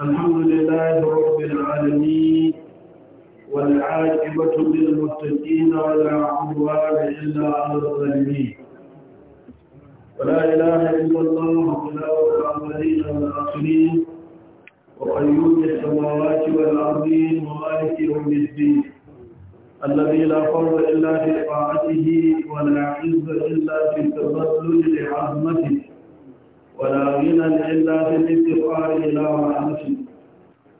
الحمد لله رب العالمين والعاقبة للمتقين ولا عدوان إلا على الظالمين ولا إله إلا الله إله الأولين والآخرين وقيوم السماوات والأرضين ومالك يوم الدين الذي لا فضل إلا في طاعته ولا عز إلا في تبذل لعظمته ولا غنى إلا في الافتقار إلى رحمته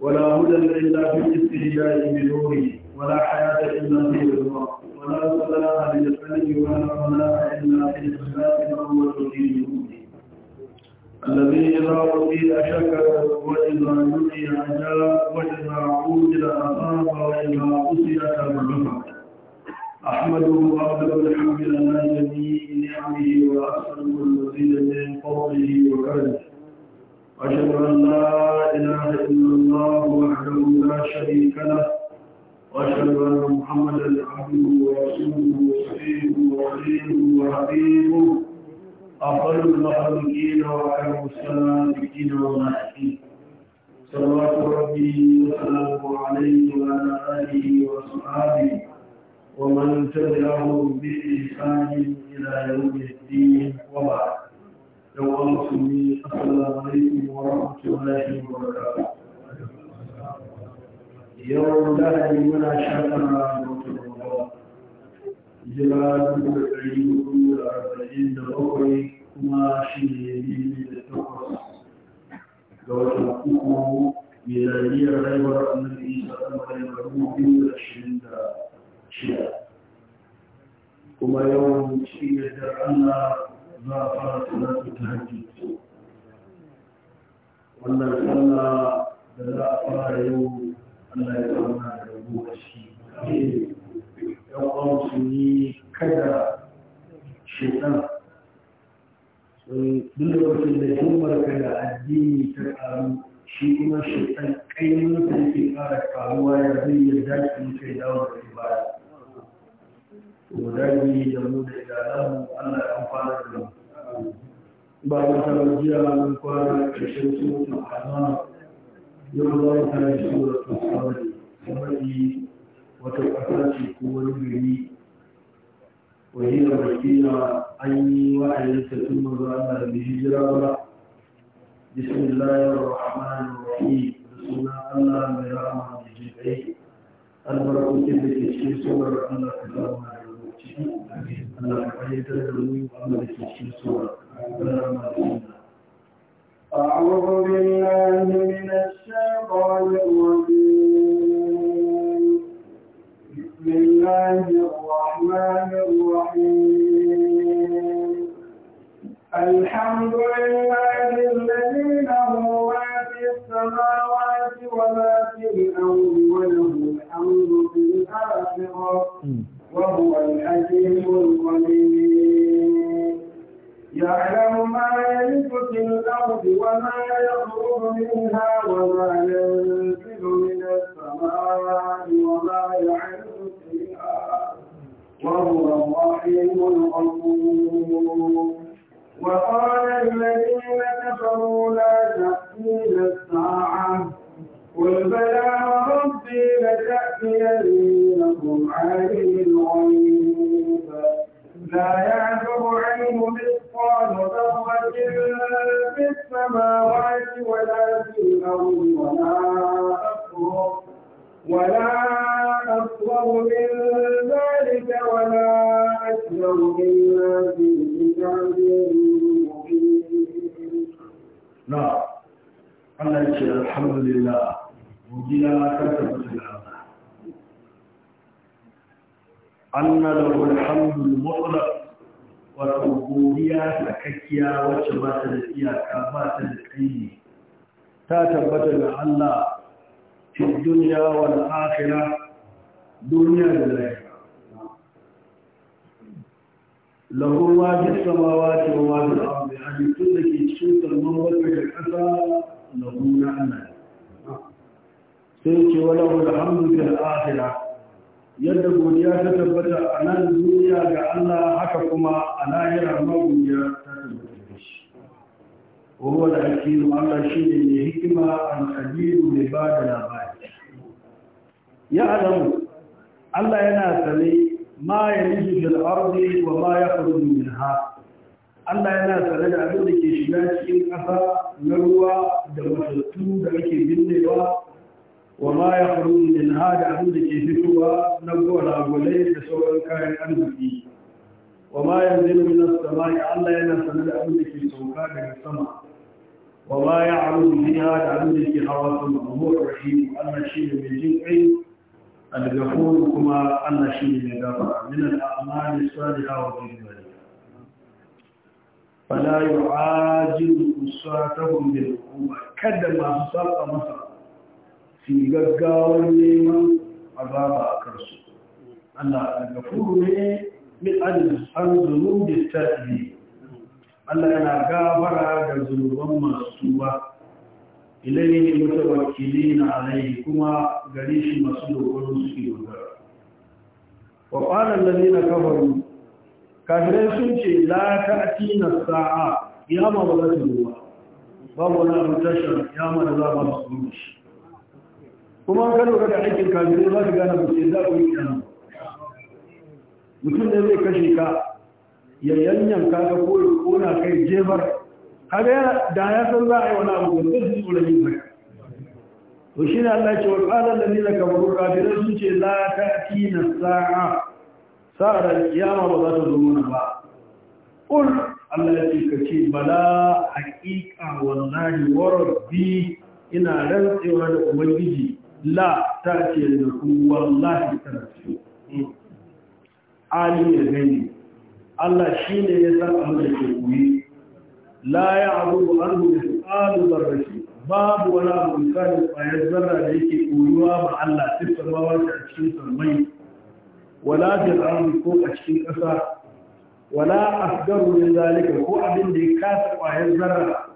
ولا هدى إلا في الاستهجاء بنوره ولا حياة إلا في رضاه ولا صلاة للقلب ولا صلاة إلا في الإخلاص وهو الذي الذي إذا أطيع شكر وإذا نقي عجاب وإذا عودل أصاب وإذا أسر تبرفع أحمده وأبدأ الحمد لله جميع نعمه وأسأل المزيد من فضله وكرمه أشهد أن لا إله إلا الله وحده لا شريك له وأشهد أن محمدا عبده ورسوله وصفيه وخليله وحبيبه أفضل المخلوقين وأكرم السلامين والناحين صلوات ربي وسلامه عليه وعلى آله وأصحابه ومن تبعهم بإحسان إلى يوم الدين وبعد لو أمرتني السلام عليكم ورحمة الله وبركاته يوم لا من شكر جلال العلم كل أربعين أخرى كما شيء للتقص لو تحققوا ميلادية غير النبي صلى الله عليه وسلم كما يوم شيء درعنا ما فرط لا تتهجد وانا الحمى بلا يوم أن يتعنا يبوه الشيء يوم سني كدا شيطان من الوقت اللي هم ركلا الديني تقارو شيء كي نتلقى قارك قارو ويبين يدعك من كي دورك بارك وداني جمود إعلام أن أنفار الله بعد توجيه من قال كشف سورة الحمام يرضى تعالى سورة الصمد صمد وتقفات قوة الجري وهي بكيرة أي واحد تتم ظلم بهجرة بسم الله الرحمن الرحيم رسول الله مرام بجبعي البركة بكشف سورة الله أعوذ بالله من الشيطان الرجيم بسم الله الرحمن الرحيم الحمد لله الذي له ما في السماوات وما في الأرض وله الحمد في الآخرة وهو الحكيم القدير يعلم ما يلف في الأرض وما يخرج منها وما ينزل من السماء وما يعز فيها وهو الرحيم الغفور وقال الذين كفروا لا تأتينا الساعة قل بلى ربي لتأتينكم عالم الغيب لا يعزب عنه مثقال ذرة في السماوات ولا في الأرض ولا أكبر ولا أصغر من ذلك ولا أكبر إلا في كتاب مبين. نعم. Allah ce alhamdulillah godiya ta tabbata ga Allah anna lahu alhamdul mutlaq wa godiya sakakkiya wacce ba ta da iyaka ba ta da kai ta tabbata ga Allah fi dunya wal akhirah duniya da lahira lahu ma fi samawati wa ma fi ardi hadithun da ke cikin tarmon da ƙasa na guna Allah sai ce wala wala hamdu fil akhirah yadda godiya ta tabbata a nan duniya ga Allah haka kuma a lahira ma godiya ta tabbata da shi Allah shi ne hikima al-qadir ne ba da labari ya adamu Allah yana sane ma yalidu fil ardi wa ma yakhruju minha Allah yana tsare da abin da ke shiga cikin ƙasa na ruwa da matattu da ake binnewa wa ma ya faru min ha da abin da ke fitowa na gwalagwalai da sauran kayan arziki wa ma ya zai min sama Allah yana tsare da abin da ke sauka daga sama wa ma ya aru ha da abin da ke hawa sama huwa rahim Allah shi ne mai jin kai al-ghafur kuma Allah shi ne mai gafara min al-a'mali salihah wa tayyibah fala yu'ajilu usatahum bil uquba kada masu saƙa masa su gaggawar neman azaba a kansu Allah al furu ne min al-zunub bi Allah yana gafara da zunuban masu ne tuba ilayhi mutawakkilina alayhi kuma gare shi masu dogaro su dogara wa qala alladhina kafaru kafirai sun ce la na sa'a ma ba za ta ruwa babu wani abin tashar ma da za ba su shi kuma an lura da aikin kafirai za su gane mutum za ku yi kiyama mutum ne zai kashe ka ya yanyan ka ka koyo kona kai jefar kaga da ya san za a yi wani abu da zai da yin haka to shi ne Allah ce wa ƙalar da nila kabaru kafirai sun ce la ta'ti sa'a da iyawa ba za ta zo mana ba ƙul Allah ya ce ka ce bala haƙiƙa wallahi warar bi ina rantsewa da ubangiji la ta ce da ku wallahi ta ce Ali ya gani Allah shi ne ya san abin da ke koyi la ya abu an su ƙalu zarrashi babu wani abu misalin ƙwayar zarra da yake koyuwa ba Allah siffar ta cikin sarmai wala fil ardi ko a cikin ƙasa wala asgaru min zalika ko abin da ya kasa ƙwayar zarra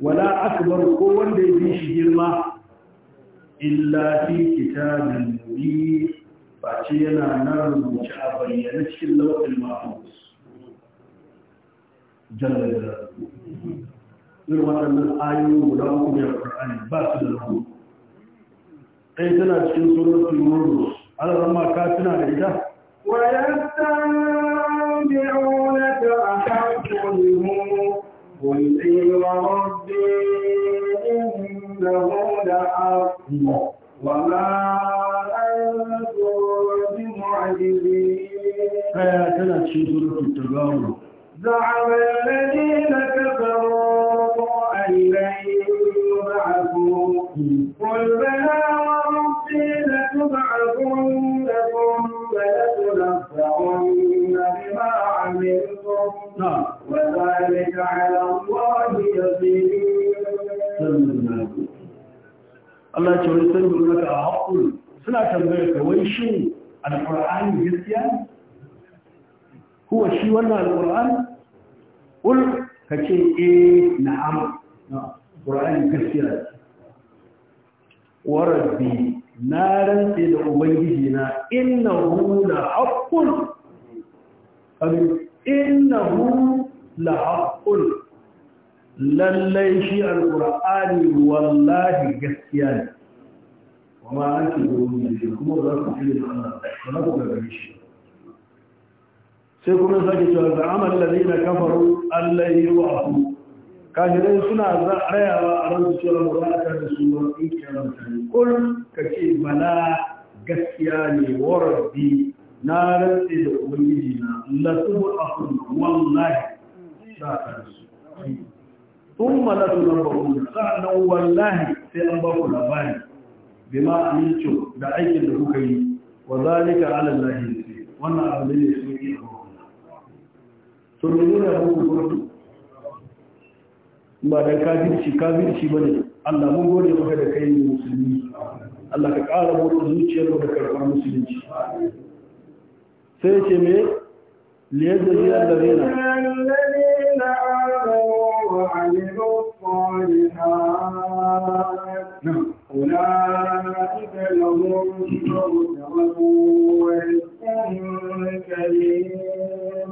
wala akbar ko wanda ya bi shi girma illa fi kitabin mubin ba ce yana nan rubuce a bayyana cikin lauƙin mahfuz jalla jalla irin waɗannan ayoyi guda uku ne a ƙur'ani ba su da rubu ɗaya tana cikin suratul yunus على zama ka tuna da ita ويستنبعونك أحق قل إن ربي إنه لحق وما أنتم بمعجزين فياتنا سورة التغاور زعم الذين كفروا أن لن يبعثوا قل بلى يبعثن ثم لتنبعن بما عملتم وذلك على Allah ce wani sanin a haƙul suna tambayar wai shi alƙur'ani gaskiya kuwa shi wannan alƙur'an ul ka ce e na'am ƙur'ani gaskiya warabbi na rantse da ubangiji na innahu la haqqun abin innahu la haqqun lallai shi alqur'ani wallahi gaskiya ne kuma an ce da wani shi kuma za ku fi da Allah kuma ku ga shi sai kuma sake cewa da amal ladina kafaru allahi wa aqu kafirai suna rayawa a ran cewa ba a da su ba in kiyama kul ka ce bala gaskiya ne warabbi na rantse da ubangiji na a akun wallahi za ka da su tun ma lasu nan ba kuma sa'annan wallahi sai an ba ku labari bi ma amincu da aikin da kuka yi wa zalika ala lahi wannan abu ne ne sun yi a hukunta. Turmi nuna hukunta ba dan kafirci kafirci bane Allah mun gode maka da kai musulmi Allah ka ƙara mu zuciyar mu da karɓar musulunci sai ce me liyadda ziyar da na. أولئك لهم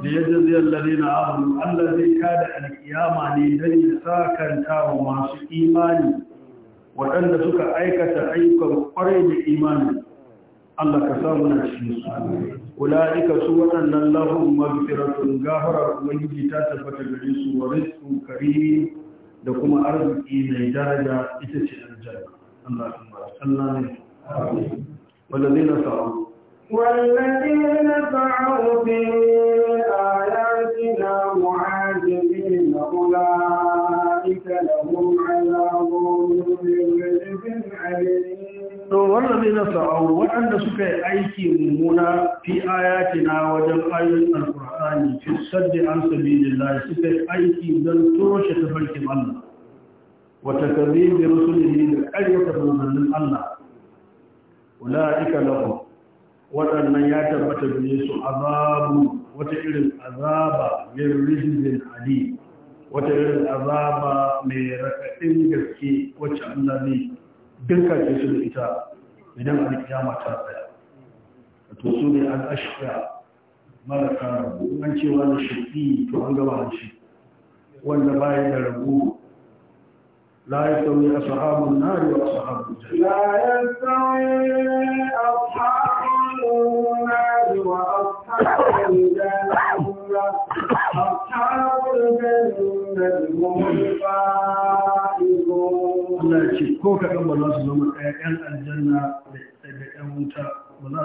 ليجزي الذين آمنوا الذي كاد القيامة لدني ساكن تاو مع إيماني وأن سك أيكة أيكة قريب إيماني الله كسامنا الشمس أولئك سوء أن لهم مغفرة غافرة ويجي تاتفة الرئيس ورزق كريم لكم أرزق إلى درجة إتشي الجنة اللهم صل على والذين سعوا والذين سعوا في آياتنا معاجبين أولئك لهم عذاب من رجب عليم والذين سعوا وأن سكى أيكي ممونا في آياتنا وجل آيات القرآن في السد عن سبيل الله سكى أيكي دل ترش تفلك الله وتكذيب رسله للأجل تفلك الله أولئك لهم waɗannan ya tabbata gare su azabu wata irin azaba min rijzin ali wata irin azaba mai raɗaɗin gaske wacce Allah ne dinka ke su da ita idan alƙiyama ta tsaya to su ne an ashka mara rabu an ce wani shafi to an gaba hanci wanda baya da rabu لا يستوي أصحاب النار وأصحاب الجنة لا يستوي أصحاب النار وأصحاب الجنة أصحاب na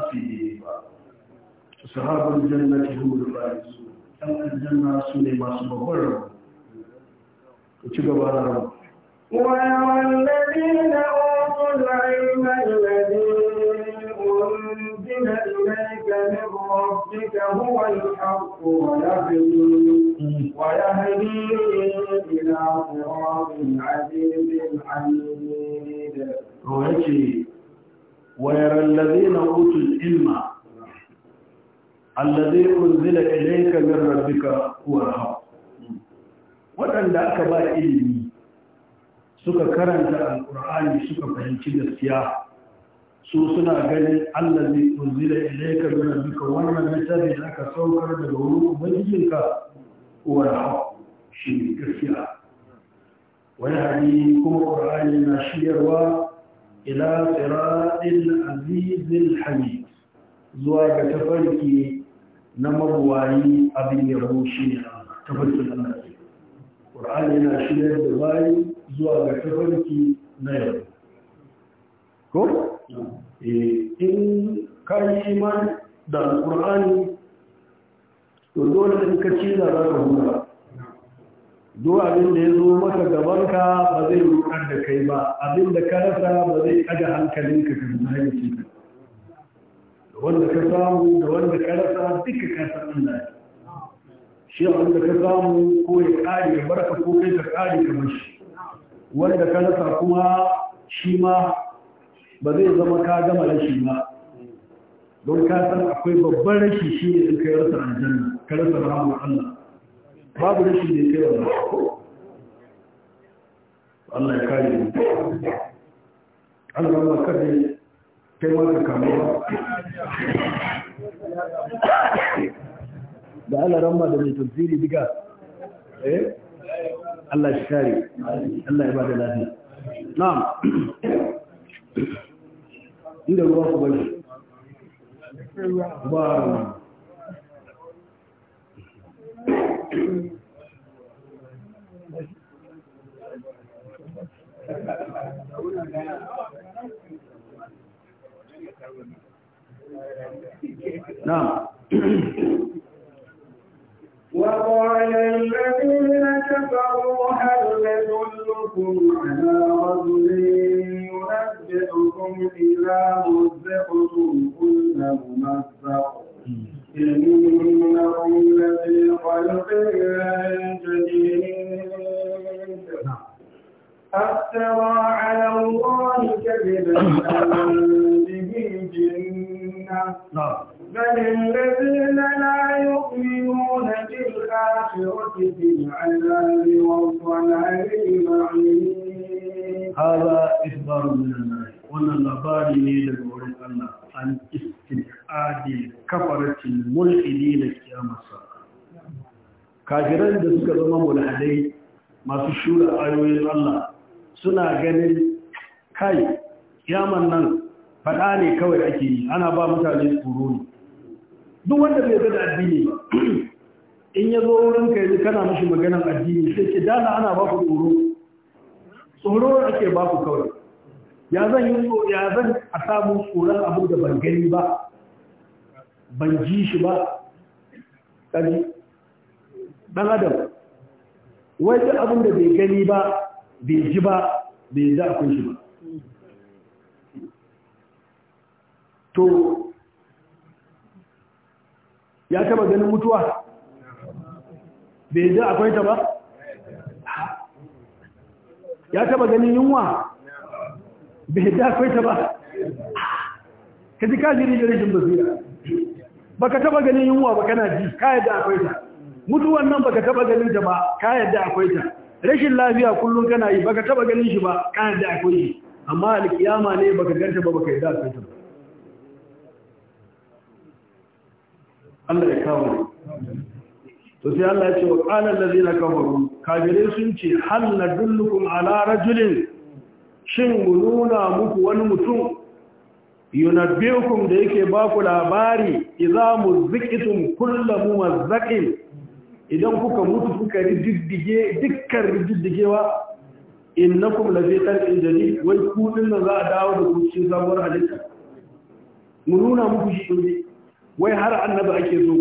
أنزل إليك من ربك هو الحق ويهدي ويهدي إلى صراط العزيز الحميد ويجي ويرى الذين أوتوا العلم الذي أنزل إليك من ربك هو الحق waɗanda aka ba ilimi suka karanta alƙur'ani suka fahimci gaskiya su suna ganin Allah zai unzila ilaika min rabbika wannan littafi da aka saukar daga wurin ubangijinka wa shi ne gaskiya wani hali kuma qur'ani na shiyarwa ila siratil azizil hamid zuwa ga tafarki na mabuwayi abin yabo shi ne tafarki na Allah qur'ani na shiyar da bayi zuwa ga tafarki na yabo ko eh, in ka yi da alƙur'ani to dole in ka ci da za ka hura duk abin da ya zo maka gabanka ba zai rukar da kai ba abin da ka rasa ba zai ɗaga hankalinka ka zuwa ya ce ka da wanda ka samu da wanda ka rasa duka ka san Allah shi wanda ka samu ko ya ƙare ya barka ko kai ka ƙare ka shi wanda ka rasa kuma shi ma ba zai zama ka gama rashi ba don ka san akwai babban rashi shi ne in kai rasa aljanna ka rasa rahama Allah babu rashi da kai wa Allah ya kare mu Allah ba ka dai kai ma ka kamu da Allah ramma da mai tafsiri diga eh Allah shi kare Allah ya ba da lafiya na'am inda ruwa ku bari ba na وقال الذين كفروا هل ندلكم على رجل ينبئكم إذا مزقتم كل ممزق إنهم لفي خلق جديد أفترى على الله كذبا به جنة نعم. بل لا يؤمنون بالآخرة في والضلال المعين هذا إخبار من الله wannan labari ne daga wurin Allah an istiqadi kafaratin mulhidi da kiyamarsa kafiran da suka zama mulhadai masu shura ayoyin Allah suna ganin kai kiyaman nan faɗa ne kawai ake yi ana ba mutane tsoro ne duk wanda bai yarda da addini in ya zo wurin ka yi kana mashi maganan addini sai ke dana ana ba ku tsoro tsoro ake ba ku kawai ya zan yi ya zan a samu tsoron abu da ban gani ba ban ji shi ba ƙari ɗan adam wai duk abin da bai gani ba bai ji ba bai za a kun shi ba to ya taba ganin mutuwa bai ji akwai ta ba ya taba ganin yunwa bai ji akwai ta ba ka ji ka jiri jirgin basira ba ka taba ganin yunwa ba kana ji ka yadda akwai ta mutuwan nan ba ka taba ganin ta ba ka yadda akwai ta rashin lafiya kullum kana yi ba ka taba ganin shi ba ka yadda akwai shi amma alkiyama ne ba ka ganta ba ba ka yadda akwai ta ba Allah ya kawo to sai Allah ya ce wa qala allazina kafaru kafirai sun ce hal nadullukum ala rajulin shin mu muku wani mutum yunabbiukum da yake ba ku labari idza muzqitum kullu mumazzaqin idan kuka mutu kuka riddige dukkan riddigewa innakum la fi khalqin jadid wai ku din za a dawo da ku cikin zamuwar halitta mu muku shi ne wai har annabi ake so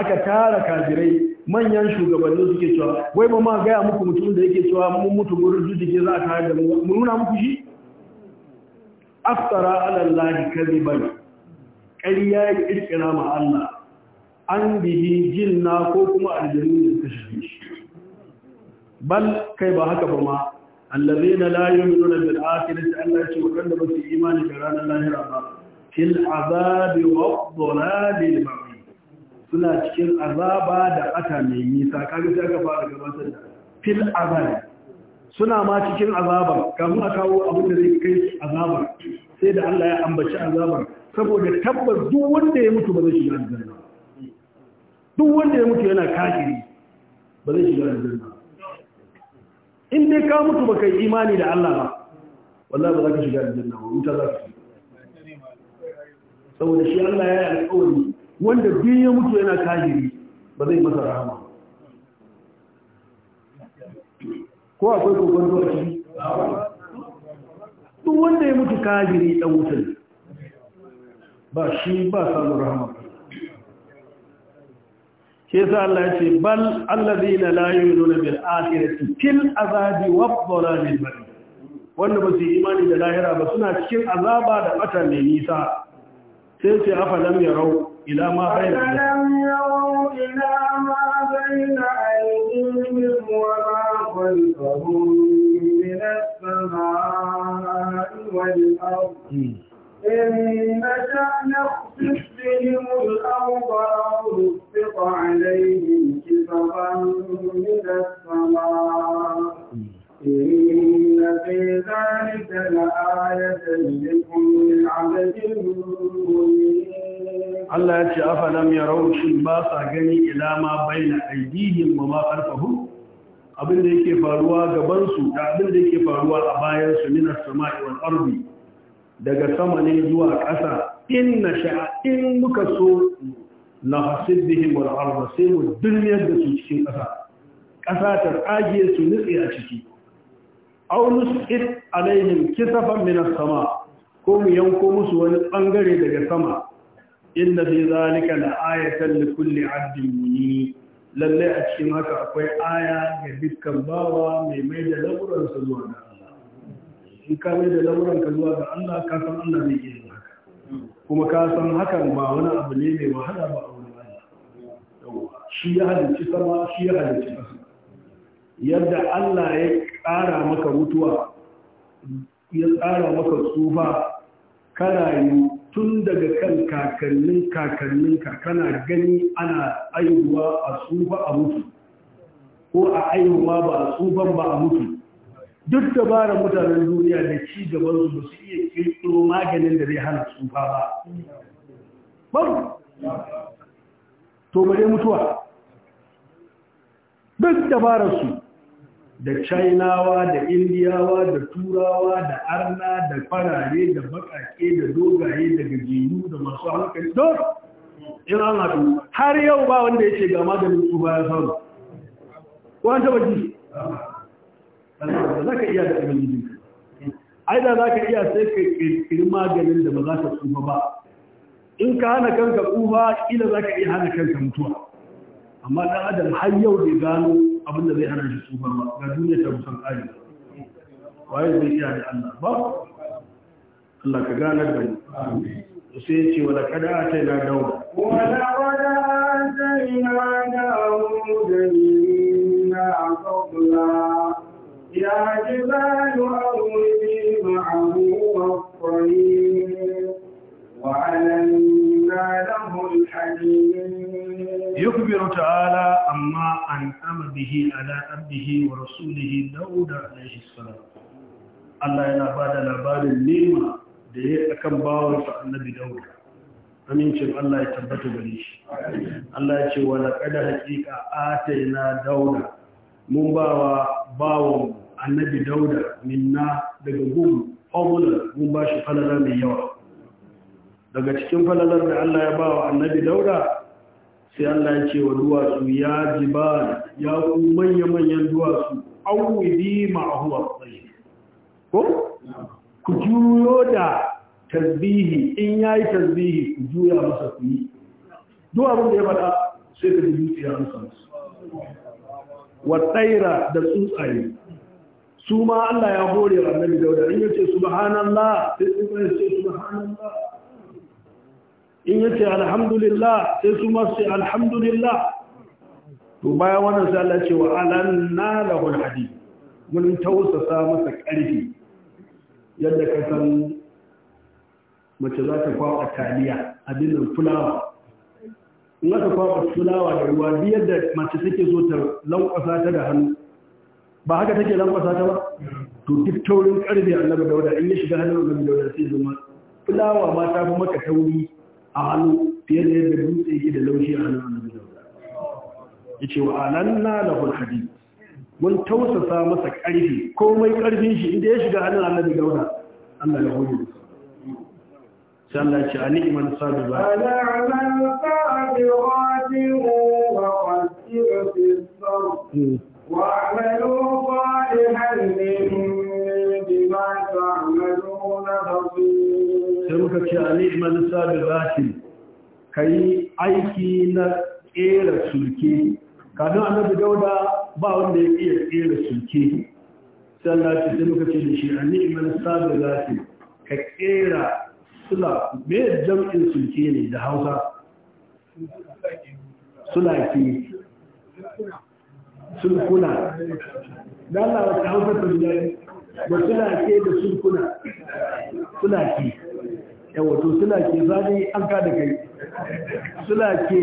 aka tara kafirai manyan shugabanni suke cewa wai ma ma gaya muku mutum da yake cewa mun mutu gurin jujjuge za a tare da mu nuna muku shi aftara ala Allah kadiban ƙarya ya kirkira ma Allah an bihi jinna ko kuma aljanu da suka shige shi bal kai ba haka ba ma allazina la yu'minuna bil akhirati Allah ce wanda ba su imani da ranar lahira ba fil azabi wa dhalalil ma'in suna cikin azaba da ata mai nisa kaga sai aka fara gabatar da fil azabi suna ma cikin azaba Ga a kawo abin da zai kai azaba sai da Allah ya ambaci azaba saboda tabbas duk wanda ya mutu ba zai shiga aljanna duk wanda ya mutu yana kafiri ba zai shiga aljanna in dai ka mutu baka yi imani da Allah ba wallahi ba za ka shiga aljanna ba wuta za ka shiga saboda shi Allah ya yi alƙawari wanda biyu ya mutu yana kajiri ba zai masa rahama ko akwai kokon zuwa ciki duk wanda ya mutu kajiri ɗan wutar ba shi ba samun rahama ke sa Allah ya ce bal na layu yi nuna bil akhirati fil azabi wad dhalalil bari wanda ba su imani da lahira ba suna cikin azaba da bata mai nisa sai ce afa lam yaro ila ma bayna ila ما بين ايديهم وما خلفهم من السماء والارض ان نشا نخسف بهم الارض او نسقط عليهم كسفا من السماء Allah ya ce, "Afalam ya raushi ba sa gani ilama bai na aidihin ma ma ƙarfahu, abinda yake faruwa gabansu da abinda yake faruwa a bayansu minar sama'i wal arbi daga sama ne zuwa ƙasa, in na in muka so na hasiddihim bihin arba sai mu duniyar da su cikin ƙasa, ƙasa ta tsage su nutse a ciki. aw nusqit alaihim kisafan min as-sama ko mu yanko musu wani bangare daga sama inna fi zalika la ayatan li kulli 'abdin munib lalle a cikin haka akwai aya ga dukkan bawa mai mai da lamuran sa zuwa ga Allah in ka mai da lamuran ka zuwa ga Allah ka san Allah zai yi haka kuma ka san hakan ba wani abu ne mai wahala ba a wurin Allah shi ya halicci sama shi ya halicci ƙasa yadda Allah ya tsara maka mutuwa ya tsara maka tsufa kana yi tun daga kan kakannin kakanninka kana gani ana aihuwa a tsufa a mutu ko a aihuwa ba a tsufan ba a mutu duk da bara mutanen duniya da ci gaban su su iya kirkiro maganin da zai hana tsufa ba babu to bare mutuwa duk da bara su da chinawa da indiyawa da turawa da arna da farare da bakake da dogaye da gajiyu da masu hankali don ina an haɗu har yau ba wanda ya ce ga maganin tsufa ya samu ko an taɓa ji za ka iya da ubangijinka aida za ka iya sai ka kirkiri maganin da ba za ka tsufa ba in ka hana kanka tsufa ƙila za ka iya hana kanka mutuwa amma ɗan adam har yau bai gano abin da zai hana shi tsufa ba ga duniya ta rusan ƙari waye zai iya da Allah ba Allah ka gane da ni sai ya ce wala kada a ta yana dawo wala kada ta ina dawo da nina na kabla ya ji zayo a wuri ma'amu wa kwayi يكبر تعالى عما أنعم به على عبده ورسوله داود عليه السلام الله يلا بعد لبال النعمة da ya akan bawansa annabi dauda amincin Allah ya tabbata gare shi Allah ya ce wa laqad haqiqa ataina dauda mun bawa bawon annabi dauda minna daga gum awula mun ba shi falala mai yawa daga cikin falalar da Allah ya bawa annabi dauda sai Allah ya ce wa duwatsu ya jibar ya ku manya-manyan duwatsu auwidi a tsaye ko? ku juyo da tasbihi in ya yi tasbihi ku juya masa ku yi duk da ya faɗa sai ka ji zuciya masa musu wa tsaira da tsuntsaye su ma Allah ya hore wa annabi da in yace subhanallah sai tsuntsaye ce subhanallah in yace alhamdulillah sai su ma su alhamdulillah to baya wannan sai Allah ce wa alanna lahu alhadid mun tausasa masa ƙarfi yadda ka san mace za ta kwaɓa taliya a nan fulawa in aka kwaɓa fulawa da ruwa bi yadda mace take zo ta lankwasa ta da hannu ba haka take lankwasa ta ba to duk taurin ƙarfi annabi dauda in ya shiga hannun annabi dauda sai zama fulawa ma ta fi maka tauri a hannu fiye da yadda dutse yake da laushi a hannun annabi dauda ya ce wa alanna da hulhadi mun tausasa masa ƙarfi komai ƙarfin shi inda ya shiga hannun annabi dauda allah ya hudu sai allah ya ce a ni'imar sabi ba وَاعْمَلُوا صَالِحًا إِنَّ suka ce a manusa sabi zafi ka yi aiki na ƙera sulke kanu kafin annabi dauda ba wanda ya iya ƙera sulke ce sai muka ce da shi a manusa sabi zafi ka ƙera sula mai jam'in sulke ne da hausa suna ke sulkuna dalawa ta hausa ta biyu ba suna ke da sulkuna suna ke yawato suna ke zane an ka da kai suna ke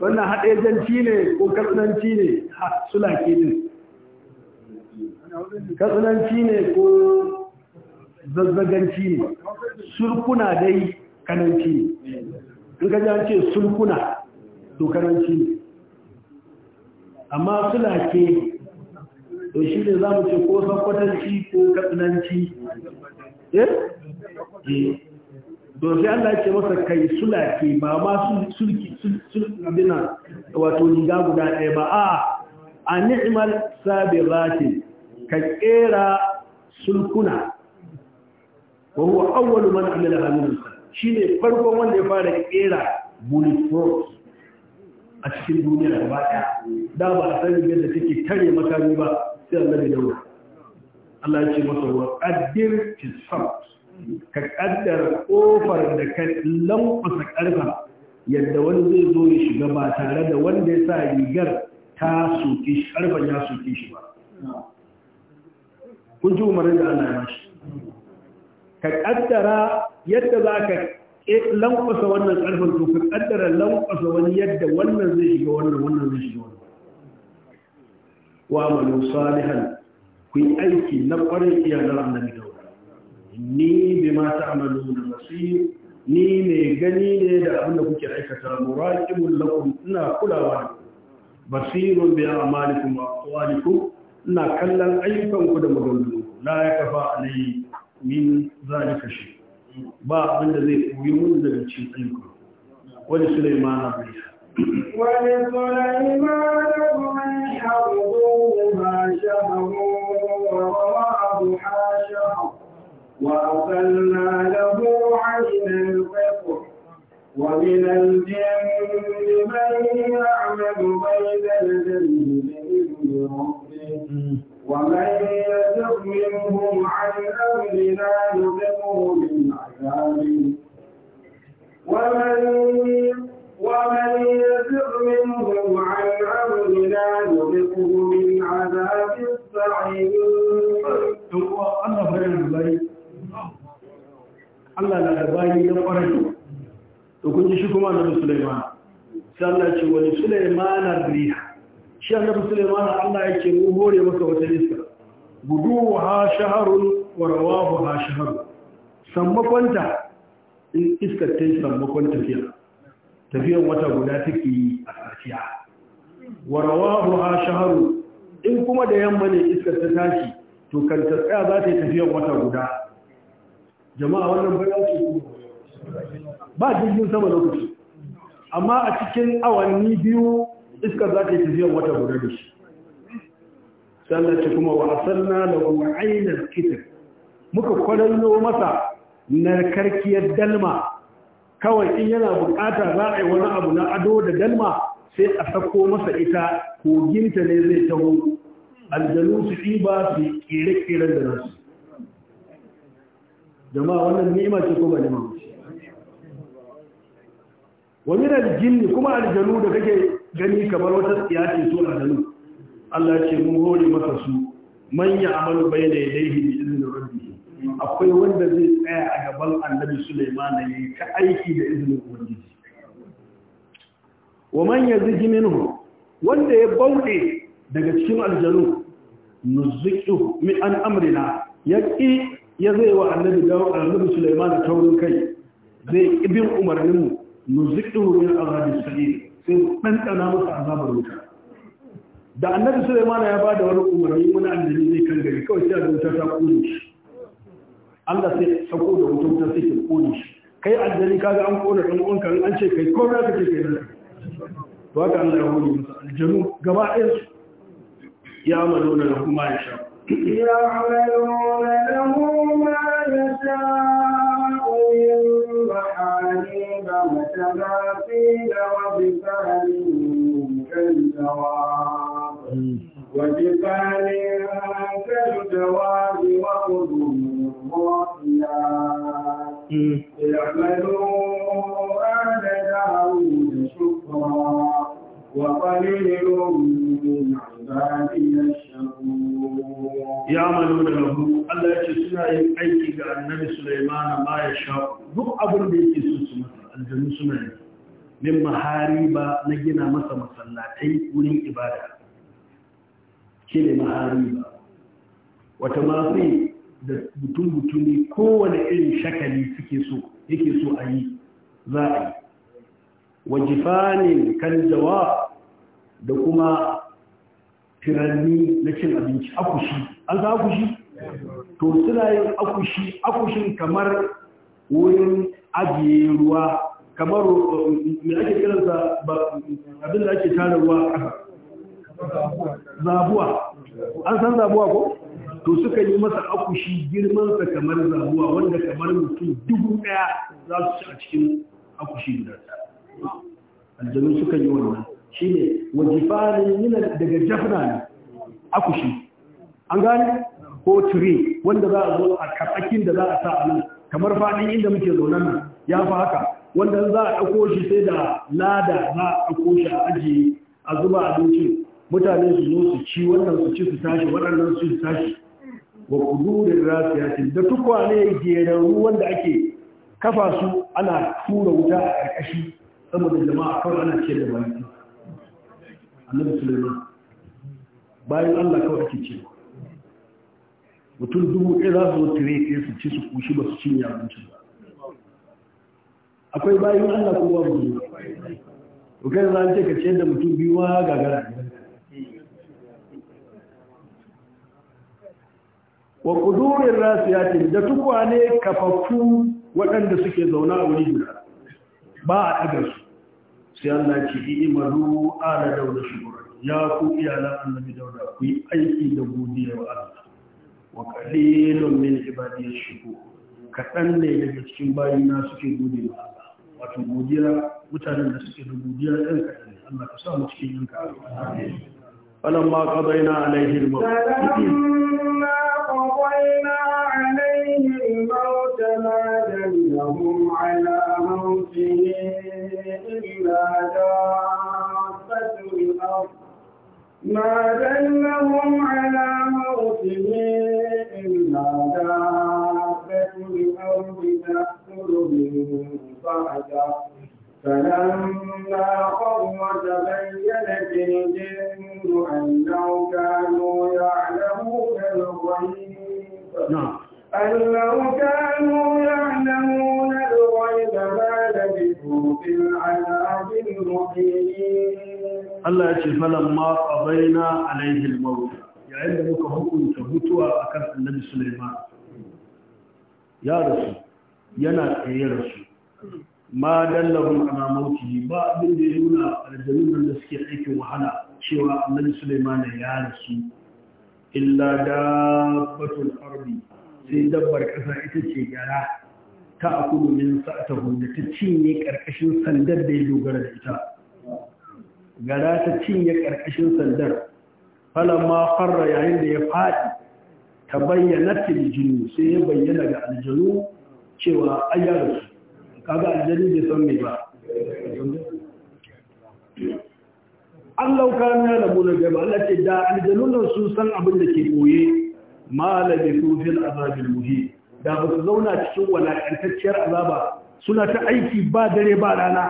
wannan haɗejanci ne ko katsananci ne suna ke din katsananci ne ko zazzaganci ne surkuna dai kananci ne in ka jan ce surkuna to kananci ne amma suna ke to shi ne za mu ce ko sakwatanci ko katsinanci eh? eh to sai Allah ya ce masa kai sulake ba ma sulki wato riga guda ɗaya ba a a ni'mal sabiratin ka kera sulkuna wa huwa awwalu man amila shi shine farkon wanda ya fara kera bulletproof a cikin duniya ba ɗaya da ba a san yadda take tare makami ba sai annabi dauda Allah ya ce masa wa qaddir tisfat ka kaddar kofar da ka lankwasa karfa yadda wani zai zo ya shiga ba tare da wanda ya sa rigar ta soke shi karfan ya soke shi ba kun ji umarni da Allah ya bashi ka kaddara yadda za ka lankwasa wannan karfan to ka kaddara lankwasa wani yadda wannan zai shiga wannan wannan zai shiga wannan wa amalu salihan ku yi aiki na kwarai iyalar annabi dauda ni bi ma ta'malu na ni ne gani ne da abinda kuke aikata muraqibul lakum ina kulawa basirun bi a'malikum wa aqwalikum ina kallon ayyukan ku da maganganunku la yakafa alayhi min zalika shi ba abinda zai koyi mun daga cikin ayyukan wani Sulaiman bin ولسليمان الريح غدوها شهر ورواحها شهر وأرسلنا له عين القطر ومن الجن من يعمل بين الجن بإذن ومن يزغ عن أمرنا نذقه من ومن ومن يزغ منهم عن أمرنا نذقه من عذاب السعير Allah na da bayi na ƙwararru, to kun ji shi kuma na Musulman, sallah ce wani Suleiman riha, shi a annabi Suleiman Allah ya yake hore maka wata iska, gudu ha shaharun warawahu ha shaharun, sammakonta in iskar ta yi sammakon tafiya. tafiyan wata guda take yi a safiya wa rawahu ha shaharu in kuma da yamma ne iskar ta tashi to kan ta tsaya za ta yi tafiyan wata guda jama'a wannan bada ce ba jirgin sama lokaci amma a cikin awanni biyu iskar za ta yi tafiyan wata guda da shi sallace kuma wa asalna lahu ainar kitir muka kwarallo masa narkarkiyar dalma kawai in yana bukata za a yi wani abu na ado da dalma sai a sako masa ita koginta ne zai taho aljanu su ɗiba su kere-kere da nasu jama'a wannan ni'ima ce ko ba ne wani da jini kuma aljanu da kake gani kamar wata tsiya ce so aljanu Allah ce mun hori masa su manya ya amalu bayna yadayhi bi akwai wanda zai tsaya a gaban annabi Sulaiman ya yi ta aiki da izinin Ubangiji. Wa man yazigi minhu wanda ya bauɗe daga cikin aljanu nuzuqu mi an amrina ya ƙi ya zai wa annabi da annabi Sulaiman da wurin kai zai ibin bin umarnin mu nuzuqu min azabi sa'ir sai ɗanɗana masa azabar wuta. Da annabi Sulaiman ya ba da wani umarni wani annabi zai kan gari kawai sai a wuta ta ƙone shi. Allah sai sako da wuta wuta sai ke kone shi kai aljani kaga an kona ɗan uwanka an ce kai ko za ka ce kai nan to haka Allah ya hore musu aljanu gaba ɗaya su ya malo na lahu ma ya sha ya malo na lahu ma ya sha محاريب متماثيل وبفعل كالجواب وبفعل كالجواب وقدوم Yamanu da lahu, Allah ya ce suna yin aiki ga annabi Sulaiman a baya duk abin da yake sun su masa aljanu suna yi, min mahari ba na gina masa masallatai wurin ibada, Kin mahari ba. Wata masu da mutum butuni kowane irin shakali suke so yake so a yi za a yi ne kan jawa da kuma firanni na cin abinci akushi an za akushi to suna yin akushi akushin kamar wurin ajiye ruwa kamar mai ake kiransa abin da ake tara ruwa zabuwa an san zabuwa ko? to suka yi masa akushi girmansa kamar zamuwa wanda kamar mutum dubu ɗaya za su ci a cikin akushi guda aljanu suka yi wannan shi ne yana daga jafna ne akushi an gane ko tire wanda za a zo a katsakin da za a sa a nan kamar faɗin inda muke zaune nan ya fi haka wanda za a ɗauko shi sai da lada za a ɗauko shi a ajiye a zuba abinci, mutane su zo su ci wannan su ci su tashi waɗannan su tashi wa kudurin rasiyatin da tukwane ruwan wanda ake kafa su ana tura wuta a ƙarƙashi saboda jama'a kawai ana ce da bayan annabi suleiman bayan allah kawai ake ce mutum dubu ɗaya za su zo tire ɗaya su ci su kushi ba su cinye abinci ba akwai bayan allah ko babu zuwa to kai za a ce ka ce da mutum biyu ma gagara ne wa kudurin ce da tukwane kafaffu waɗanda suke zauna a wuri guda ba a ɗaga su sai Allah ce imaru ala daula shukura ya ku iyalan annabi dauda ku yi aiki da godiya wa Allah wa qalilun min ibadiy shukur kaɗan ne daga cikin na suke gode wa Allah wato godiya mutanen da suke da godiya ɗan kaɗan ne Allah ka sa mu cikin yanka amin falamma qadaina alaihi al-maut فأغوينا عليه الموت ما دلهم على موته إلا دابة الأرض ما دلهم على موته إلا دابة الأرض تأكل من بعده فلما قوم تبينت الجن أن لو كانوا يعلمون الغيب أَلَّوْ كَانُوا يَعْلَمُونَ الْغَيْبَ مَا لَبِثُوا فِي Allah ya ce, "Falamma a bayyana a laihil mawuta, yayin da muka hukunta mutuwa a kan annabi Suleiman, ya rasu, yana tsaye rasu, ma dallarun ana mauti ba abin da ya nuna a da suke aikin wahala cewa annabi Suleiman ya rasu illa dabbatul ardi sai dabbar ƙasa ita ce gara ta kudu min sa'atahu da ta cinye ƙarƙashin sandar da ya dogara da ita gara ta cinye ƙarƙashin sandar falamma farra yayin da ya faɗi ta bayyana tiljinu sai ya bayyana ga aljanu cewa ayyarsu kaga aljanu bai san mai ba Allah kan ya lamu na gaba Allah ce da aljanun nan sun san abin da ke koye malami sufil azabil muhi da ba su zauna cikin walakantacciyar azaba suna ta aiki ba dare ba rana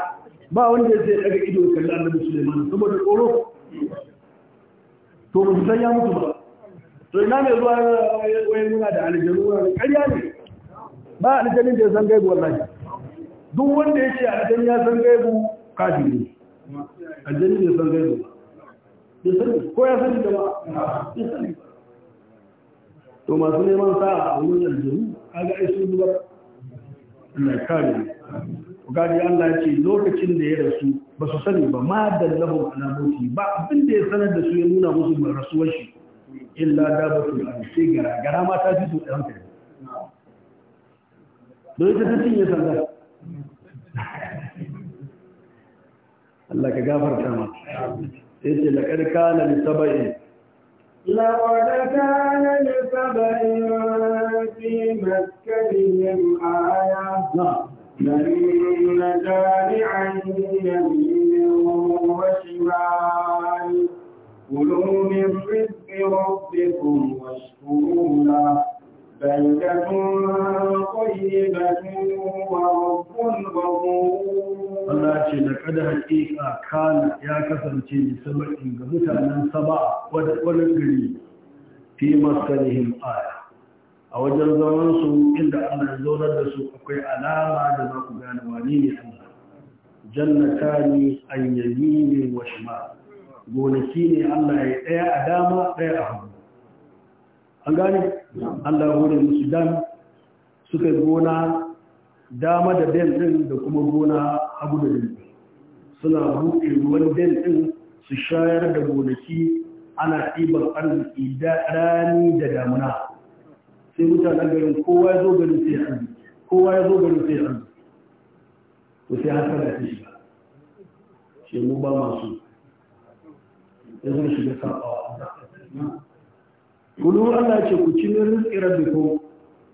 ba wanda zai daga ido kalli annabi Sulaiman saboda tsoro to ba san ya mutu ba to ina mai zuwa wayan muna da aljanu ƙarya ne ba aljanin da ya san gaibu wallahi duk wanda ya ce ya san gaibu kafiri aljani bai san gaibu ba sani ko ya sani da ba ya sani to masu neman sa'a a wurin aljanu kaga ai sun zubar na kare ku gadi Allah ya ce lokacin da ya rasu ba su sani ba ma da dallahu ala mauti ba abin da ya sanar da su ya nuna musu mai rasuwar shi illa dabatul an sai gara gara ma ta fito da hankali don ita ta cinye sandar Allah ka gafarta ma yace laqad kana li sab'in laqad kana li sab'in fi maskanihim aya na'am لَنَ جَارِعًا يَمِينًا وَشِمَالًا كُلُوا مِنْ رِزْقِ رَبِّكُمْ وَاشْكُرُوا لَهُ بلدة طيبة ورب غفور Allah ce da kada hakika kana ya kasance da saba'in ga mutanen saba wani gari fi maskanihim aya a wajen zaman su inda Allah ya zaunar da su akwai alama da za ku gane wani ne Allah jannata ne an yamini wa shima gonaki ne Allah ya ɗaya a dama ɗaya a hagu an gane Allah ya hore musu dan suka gona dama da den din da kuma gona abu da din suna buɗe ruwan den din su shayar da gonaki ana ɗiban arziki da rani da damuna sai mutanen garin kowa ya zo garin sai arziki kowa ya zo garin sai arziki to sai haka da shi shiga ce mu ba masu ya zo da sabawa kulu Allah ce ku ci min rizqi rabbiku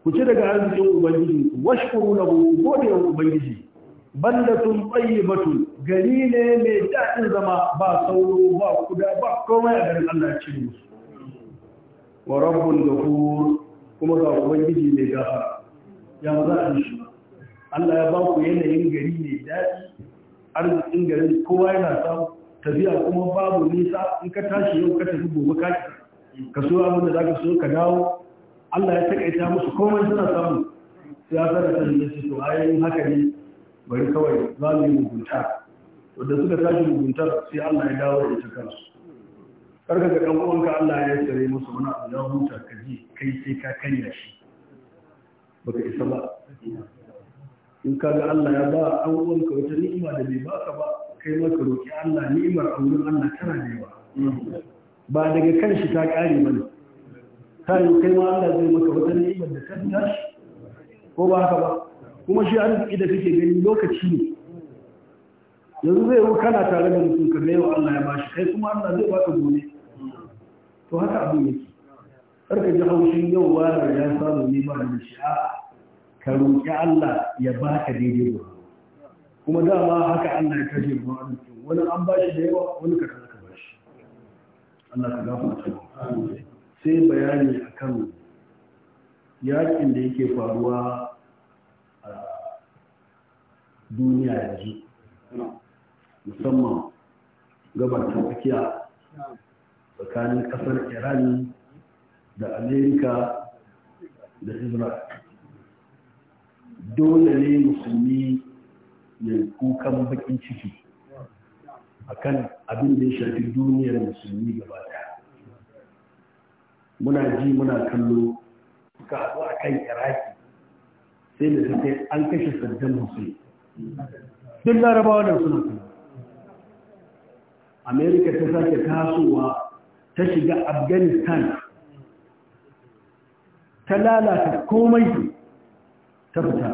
ku ci daga arzikin ubangiji washkuru lahu gode wa ubangiji ballatun tayyibatun gari ne mai daɗin zama ba sauro ba kuda ba komai a garin Allah ce musu wa rabbul ghafur kuma ga ubangiji mai gafara ya maza a shi Allah ya ba ku yanayin gari mai daɗi arzikin garin kowa yana samu tafiya kuma babu nisa in ka tashi yau ka tafi gobe ka ka so abin da za ka so ka dawo Allah ya takaita musu komai suna samu siyasar da sanin su to ayoyin haka ne bari kawai za mu yi mugunta Wanda suka tashi muguntar sai Allah ya dawo da ita kansu karka ga ɗan uwanka Allah ya tsare musu wani abu ya huta ka ji kai sai ka kanya shi baka isa ba in ka ga Allah ya ba an uwanka wata ni'ima da bai baka ba kai ma ka roki Allah ni'imar wurin Allah tana da yawa ba daga kan shi ta ƙare mana yi kai ma Allah zai maka wata ni'imar da ta tashi ko ba haka ba kuma shi arziki da kake gani lokaci ne yanzu zai yi kana tare da mutum ka ga yau Allah ya bashi kai kuma Allah zai baka gobe to haka abu yake karka ji haushin yau ba ya samu ne ba da shi a'a ka roƙi Allah ya baka daidai ba, kuma dama haka Allah ya kashe ba wani an bashi da yawa wani ka Allah sai bayani akan yakin da yake faruwa a duniya yanzu musamman gabar ta tsakiya tsakanin kasar iran da amerika da israel dole ne musulmi ya kukan bakin ciki akan abin da ya shafi duniyar musulmi gaba daya muna ji muna kallo suka haɗu a kan iraki sai da ta kai an kashe saddam hussein duk larabawa da suna kan amerika ta sake tasowa ta shiga afghanistan ta lalata komai ta fita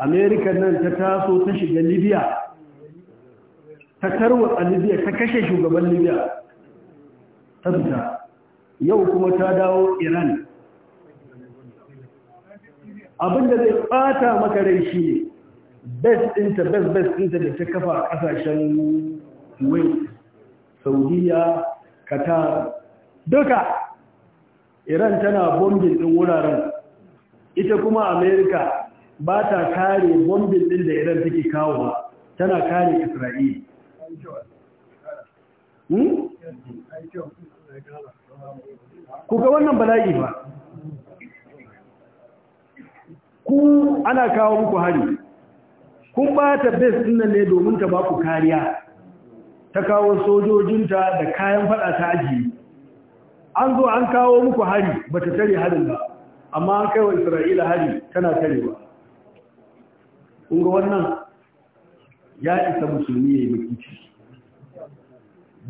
amerika nan ta taso ta shiga libya ta a libya ta kashe shugaban libya ta fita yau kuma ta dawo iran abinda zai bata maka rai shi ne best ɗinta best best ɗinta da ta kafa ƙasashen kuwait saudiya qatar duka iran tana bombin ɗin wuraren ita kuma america ba ta kare bombin ɗin da iran take kawo tana kare isra'ila Hmm? ku ga wannan bala'i ba ku ana kawo muku hari kun bata bes din nan ne domin ta ba ku kariya ta kawo sojojinta da kayan fada ta aji an zo an kawo muku hari ba ta tare harin ba amma an kai wa Isra'ila hari tana tarewa kun ga wannan ya isa musulmi ya yi baki ciki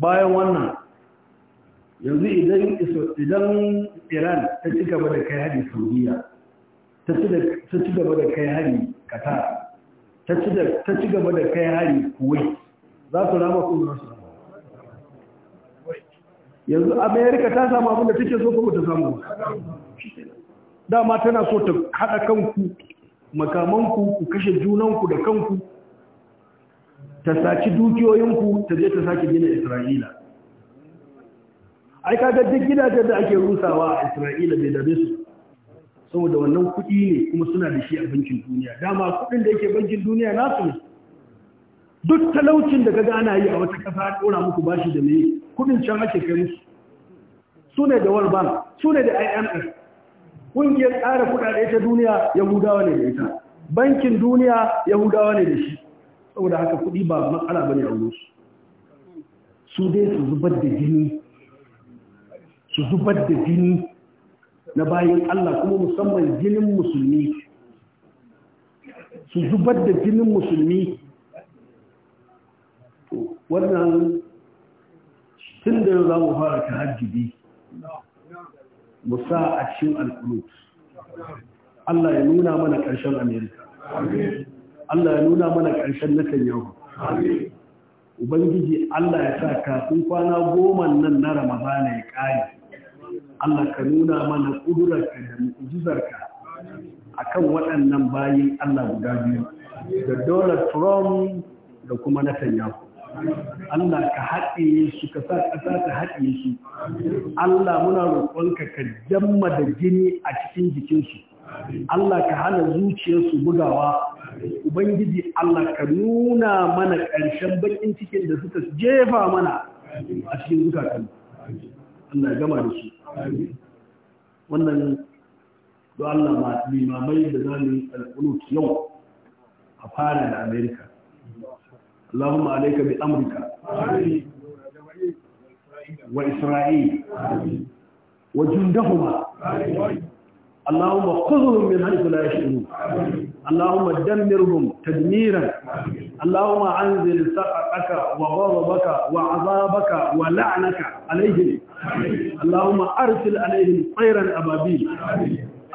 bayan wannan yanzu idan iran ta ci gaba da kai hari saudiya ta ci gaba da kai hari qatar ta ci gaba da kai hari kuwait za su rama kuma su yanzu amerika ta samu abinda take so kuma ta samu dama tana so ta haɗa kanku makamanku ku kashe junanku da kanku ta saci dukiyoyinku ta je ta saki gina isra'ila ai kaga duk gidajen da ake rusawa a isra'ila bai dame su saboda wannan kuɗi ne kuma suna da shi a bankin duniya dama kuɗin da yake bankin duniya nasu ne duk talaucin da kaga ana yi a wata ƙasa ɗora muku bashi da me kuɗin can ake kai musu su ne da world bank su ne da imf ƙungiyar tsara kuɗaɗe ta duniya yahudawa ne da ita bankin duniya yahudawa ne da shi saboda haka kuɗi ba matsala bane a wurin su dai su zubar da jini su zubar da jini na bayan Allah kuma musamman jinin musulmi su zubar da jinin musulmi wannan tun da yau za mu fara ta hajjibi musa a cikin alkulut Allah ya nuna mana ƙarshen Amerika. Allah ya nuna mana ƙarshen na kan yau. Ubangiji Allah ya sa kafin kwana goma nan na Ramadana ya ƙare Allah ka nuna mana ƙudurarka da mu'jizarka kan waɗannan bayin Allah guda biyu da Donald Trump da kuma na Netanyahu Allah ka haɗe su ka sa ƙasa ta haɗe su Allah muna roƙonka ka jamma da gini a cikin jikinsu Allah ka hana zuciyarsu bugawa ubangiji Allah ka nuna mana ƙarshen baƙin cikin da suka jefa mana a cikin zukatan Allah ya gama da su wannan don Allah limamai da za mu yi yau a fara da Amerika Allahumma alaika bi Amurka wa Isra'il wa jundahuma Allahumma khudhum min haythu la yash'urun اللهم دمرهم تدميرا اللهم أنزل سقطك وغضبك وعذابك ولعنك عليهم اللهم أرسل عليهم طيرا أبابيل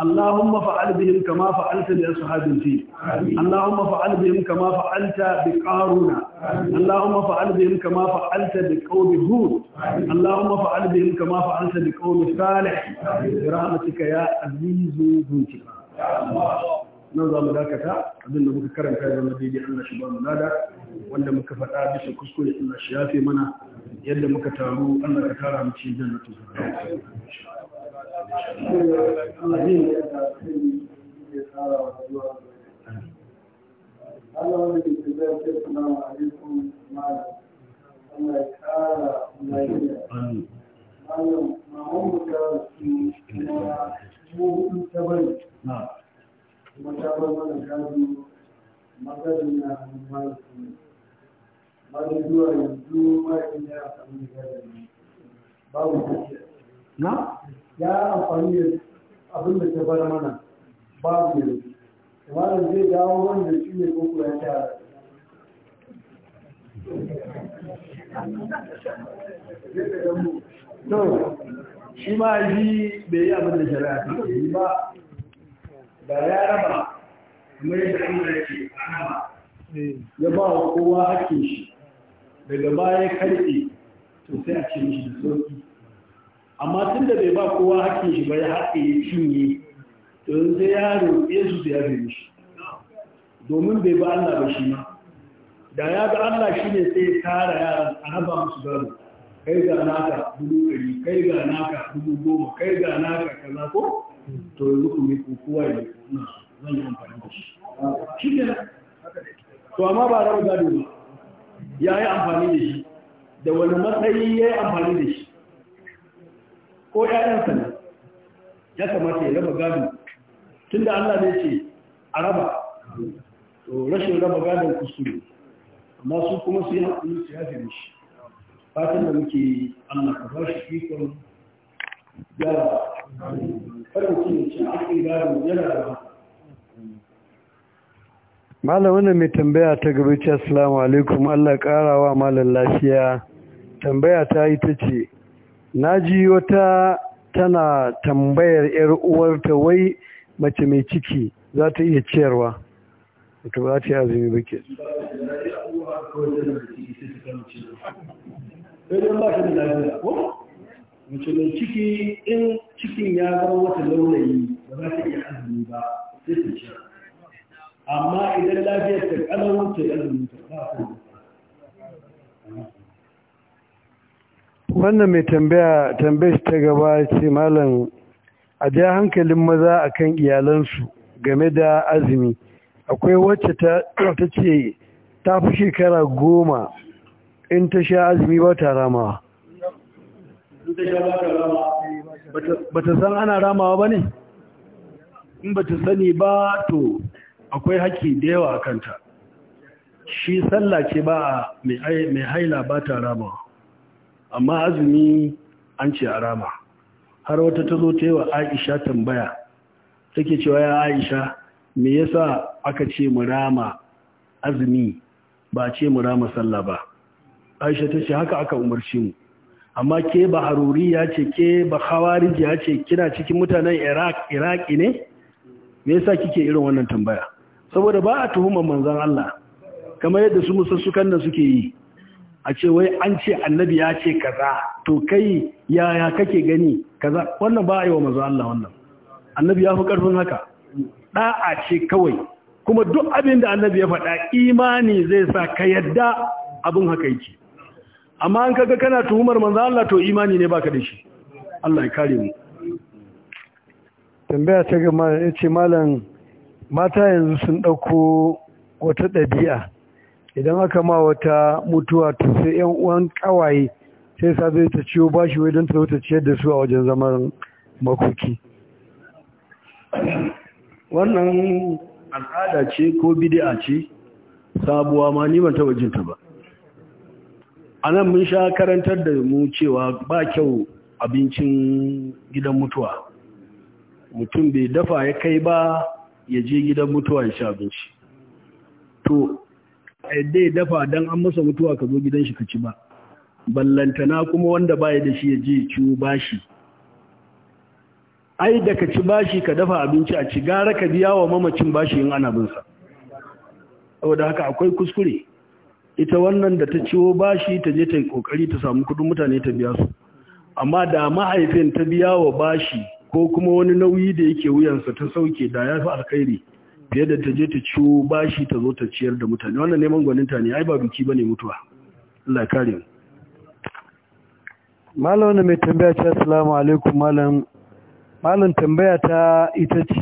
اللهم فعل بهم كما فعلت لأصحاب الفيل اللهم فعل بهم كما فعلت بقارون اللهم فعل بهم كما فعلت بقوم هود اللهم فعل بهم كما فعلت بقوم صالح برحمتك يا عزيز ذو nan za mu dakata abin da muka karanta da na daidai Allah shi ba mu lada wanda muka faɗa bisa kuskure Allah shi yafe mana yadda muka taru Allah ka tara mu cikin jannatin Allah ya kara Allah ya kara kuma ta bar mana gado magana na mahaifi bayan zuwa yanzu mahaifin ya amfani da gado babu na ya amfani da abin da ta bar mana babu yanzu kamar zai dawo wanda shi ne koko ya tara to shi ma yi bai yi abin da shari'a ta yi ba da ya raba kamar yadda Allah yake raba eh. ya ba wa kowa hakkin shi daga baya karɓe to sai a ce mishi da sauki amma tun da bai ba kowa hakkin shi ba ya haƙe ya cinye to yanzu ya roƙe su da ya bai shi domin bai ba Allah ba shi ma da ya ga Allah shi ne sai ya tara yaran a raba musu gado kai ga naka dubu ɗari kai ga naka dubu goma kai ga naka kaza ko to yanzu ku ne ku kowa ya zan yi amfani da shi shi ne to amma ba raba gado ba ya yi amfani da shi da wani matsayi ya yi amfani da shi ko ‘ya'yansa ne ya kamata ya raba gado tun da Allah ne ce a raba to rashin raba gadon kusuri amma su kuma su yi haƙuri su yafe mishi fatan da muke Allah ka ba shi ikon yara Malam da mai tambaya ta gaba ce asalamu alaikum Allah ƙara wa malam lafiya tambaya ta yi ta ce na ji wata tana tambayar yar uwarta wai mace mai ciki za ta iya ciyarwa wato ba ta yi azumi ba ke ba mace mai ciki in cikin ya zama wata launayi ba za ta iya azumi ba sai ta ci amma idan lafiyar ta kalau wuce azumi ta ba ta wannan mai tambaya tambayar ta gaba ce malam a ja hankalin maza akan iyalansu game da azumi akwai wacce ta ce ta fi shekara goma in ta sha azumi ba ta ramawa bata san ana ramawa ba ne in bata sani ba to akwai haƙƙi da yawa a kanta shi sallah ce ba a mai haila ba ta ramawa amma azumi an ce a rama har wata ta zo ta yi wa aisha tambaya take cewa ya aisha me yasa aka ce mu rama azumi ba ce mu rama sallah ba aisha ta ce haka aka umarci mu amma ke ba haruri ya ce ke ba hawariji ya ce kina cikin mutanen iraq iraki ne me yasa kike irin wannan tambaya saboda ba a tuhumar manzon Allah kamar yadda su musussukan da suke yi a ce wai an ce annabi ya ce kaza to kai yaya kake gani kaza wannan ba a yi wa manzon Allah wannan annabi ya fi karfin haka da'a ce kawai kuma duk abin da annabi ya faɗa imani zai sa ka yadda abin haka yake amma an kaga kana tuhumar manzo Allah to imani ne baka da shi Allah ya kare mu tambaya ta gama yace malam mata yanzu sun dauko wata dabi'a idan aka ma wata mutuwa to sai yan uwan kawaye sai sa zai ta ciwo bashi wai don ta ciyar da su a wajen zaman makoki wannan al'ada ce ko bid'a ce sabuwa ma ni ban taba jinta ba a nan mun sha karantar da mu cewa ba kyau abincin gidan mutuwa mutum bai dafa ya kai ba ya je gidan mutuwa ya sha abinci to yadda ya dafa don an masa mutuwa ka zo gidan shi ka ci ba ballantana kuma wanda baya da shi ya je ciwo bashi ai da ka ci bashi ka dafa abinci a ci gara ka biya wa mamacin bashi in ana binsa saboda haka akwai kuskure ita wannan da ta ciwo bashi ta je ta yi kokari ta samu kudin mutane ta biya su amma da mahaifin ta biya wa bashi ko kuma wani nauyi da yake wuyansa ta sauke da ya fi alkhairi fiye da ta je ta ciwo bashi ta zo ta ciyar da mutane wannan neman ta ne ai ba biki bane mutuwa Allah kare mu malam mai tambaya ta assalamu alaikum malam malam tambaya ta ita ce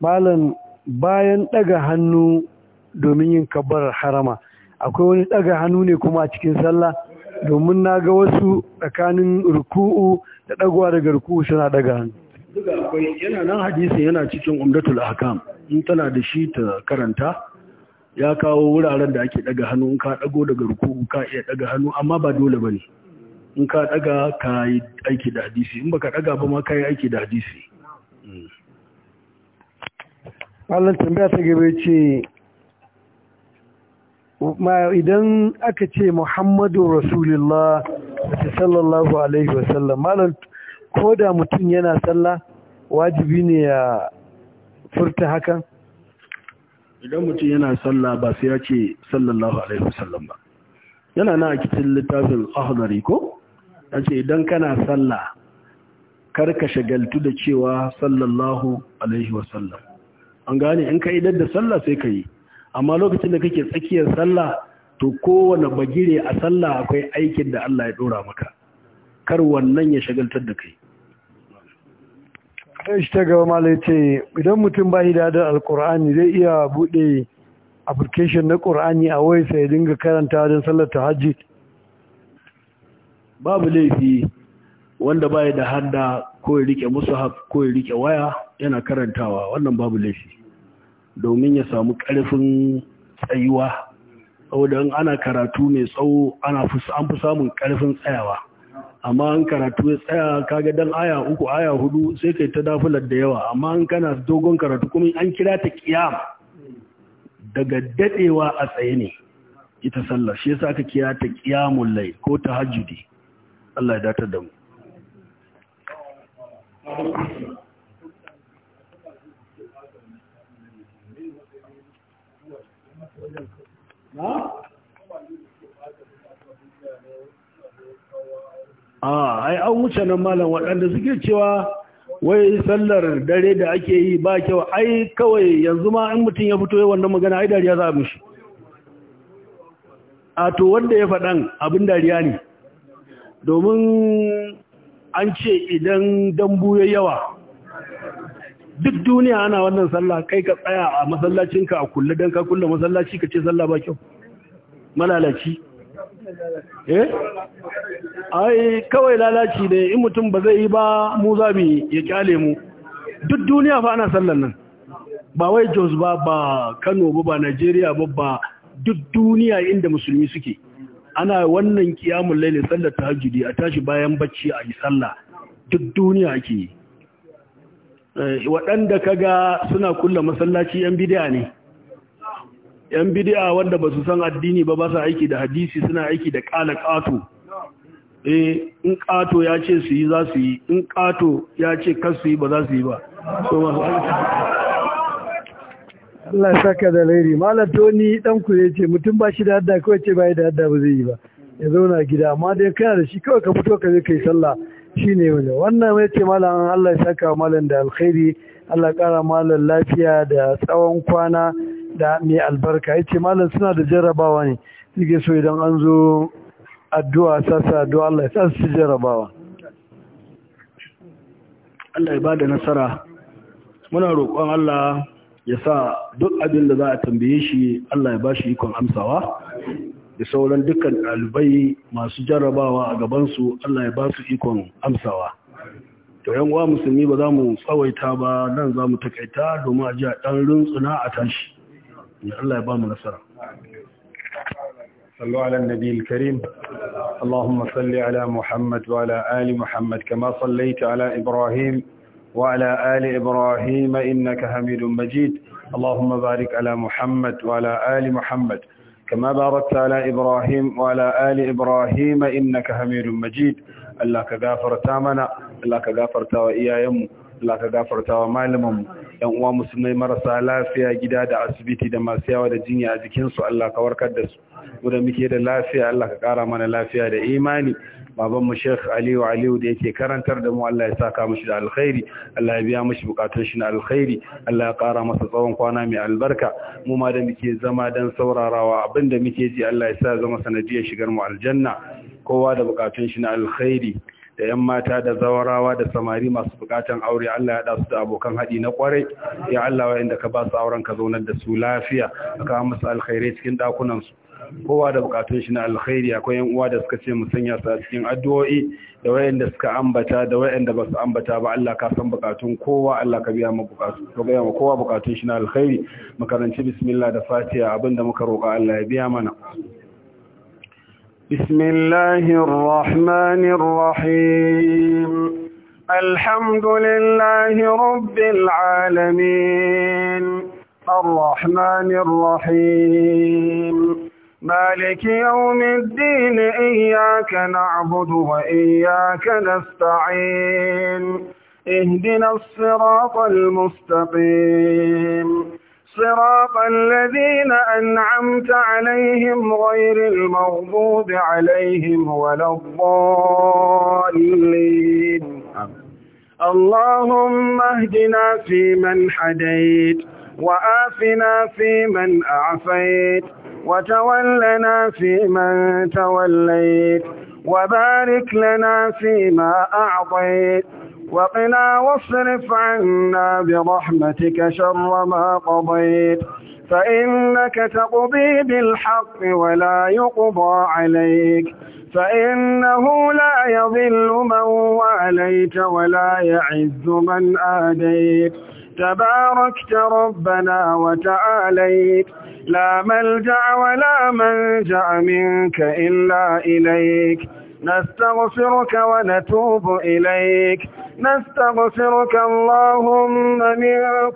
malam bayan daga hannu domin yin kabbar harama akwai wani ɗaga hannu ne kuma a cikin sallah domin na ga wasu tsakanin ruku'u da ɗagowa daga ruku'u suna ɗaga hannu yana nan hadisi yana cikin umdatul ahkam in tana da shi ta karanta ya kawo wuraren da ake ɗaga hannu in ka ɗago daga ruku'u ka iya ɗaga hannu amma ba dole ba ne in ka ɗaga ka yi aiki da hadisi in ba ka ɗaga ba ma ka yi aiki da hadisi Allah tambaya ta gaba ce idan aka ce muhammadu rasulullah sallallahu alaihi wasallam malam ko da mutum yana sallah wajibi ne ya furta hakan idan mutum yana sallah ba sai ya ce sallallahu alaihi wasallam ba yana na cikin littafin ahdari ko yace idan kana sallah kar ka shagaltu da cewa sallallahu alaihi wasallam an gane in ka idar da sallah sai ka yi amma lokacin da kake tsakiyar sallah to kowane bagire a sallah akwai aikin da Allah ya dora maka kar wannan ya shagaltar da kai shi ta gaba malai ce idan mutum ba da da alkur'ani zai iya bude application na ƙur'ani a wai sai dinga karanta don sallar tahajjud babu laifi wanda baya da hadda ko ya rike mushaf ko ya rike waya yana karantawa wannan babu laifi domin ya samu ƙarfin tsayuwa saboda ana karatu mai tsawo ana an fi samun ƙarfin tsayawa amma an karatu ya tsaya kaga dan aya uku aya hudu sai kai ta dafular da yawa amma an kana dogon karatu kuma an kira ta kiyam daga dadewa a tsaye ne ita sallah shi yasa aka kira ta qiyamul layl ko tahajjudi Allah ya datar da mu a ah, ai an wuce nan malam waɗanda suke cewa wai sallar dare da ake yi ba kyau ai kawai yanzu ma in mutum ya fito wannan magana ai dariya za a mishi a to wanda ya faɗan abin dariya ne domin an ce idan dambu ya yawa duk duniya ana wannan sallah kai ka tsaya a masallacinka a kulle don ka kulle masallaci ka ce sallah ba kyau malalaci eh ai kawai lalaci ne in mutum ba zai yi ba mu za mu ya kyale mu duk duniya fa ana sallan nan ba wai Jos ba ba Kano ba ba Najeriya ba ba duk duniya inda musulmi suke ana wannan kiyamun laili sallar tahajjudi a tashi bayan bacci a yi sallah duk duniya ake yi Eh, waɗanda ka ga suna kulla masallaci yan bidiya ne yan bidiya wanda ba su san addini ba ba su aiki da hadisi suna aiki da ƙala ƙato eh in ƙato ya ce su yi za su yi in ƙato ya ce kar su yi ba za su yi ba so masu Allah ya saka da lairi malam toni dan ku ce mutum ba shi da hadda kawai ce ba yi da hadda ba zai yi ba ya zauna gida amma dai kana da shi kawai ka fito ka je kai sallah shi ne wani wannan ya ce malam Allah ya saka malam da alkhairi Allah kara malam lafiya da tsawon kwana da mai albarka ya ce malam suna da jarrabawa ne suke so idan an zo addu'a sassa addu'a Allah ya sassa su jarrabawa Allah ya bada nasara muna roƙon Allah ya sa duk abin da za a tambaye shi Allah ya ba shi ikon amsawa da sauran dukkan ɗalibai masu jarrabawa a gabansu Allah ya ba su ikon amsawa. To yan uwa musulmi ba za mu tsawaita ba nan za mu takaita domin a ɗan rintsuna a tashi. Allah ya ba mu nasara. صلوا على النبي الكريم اللهم صل على محمد وعلى آل محمد كما صليت على إبراهيم وعلى آل إبراهيم إنك حميد مجيد اللهم بارك على محمد وعلى آل محمد كما باركت على إبراهيم وعلى آل إبراهيم إنك حميد مجيد الله كغافرت منا الله كغافرت وإيايم الله كغافرت ومعلمم yan uwa musulmai marasa lafiya gida da asibiti da masu yawa da jinya a jikinsu Allah ka warkar da su mu da muke da lafiya Allah ka kara mana lafiya da imani Baban mu Sheikh Aliyu Aliyu da yake karantar da mu Allah ya saka mishi da alkhairi Allah ya biya mishi bukatun shi na alkhairi Allah ya kara masa tsawon kwana mai albarka mu ma da muke zama dan saurarawa abinda muke ji Allah ya sa zama sanadiyar shigar mu aljanna kowa da bukatun shi na alkhairi da ‘yan mata da zawarawa da samari masu bukatan aure Allah ya su da abokan haɗi na kwarai. ya Allah wa'inda ka ba su auren ka zaunar da su lafiya ka kawo musu alkhairai cikin su kowa da bukatun shi na alkhairi akwai yan uwa da suka ce mu sanya su a cikin addu'o'i da wayanda suka ambata da wayanda ba su ambata ba Allah ka san bukatun kowa Allah ka biya mu bukatun ka biya mu kowa bukatun shi na alkhairi mu karanci bismillah da fatiha abinda muka roka Allah ya biya mana بسم الله الرحمن الحمد لله رب العالمين الرحمن الرحيم مالك يوم الدين إياك نعبد وإياك نستعين اهدنا الصراط المستقيم صراط الذين أنعمت عليهم غير المغضوب عليهم ولا الضالين اللهم اهدنا فيمن حديت وآفنا فيمن أعفيت وتولنا فيمن توليت وبارك لنا فيما أعطيت وقنا واصرف عنا برحمتك شر ما قضيت فإنك تقضي بالحق ولا يقضى عليك فإنه لا يضل من واليت ولا يعز من آديت تباركت ربنا وتعاليت لا ملجأ ولا منجع منك إلا إليك نستغفرك ونتوب إليك نستغفرك اللهم من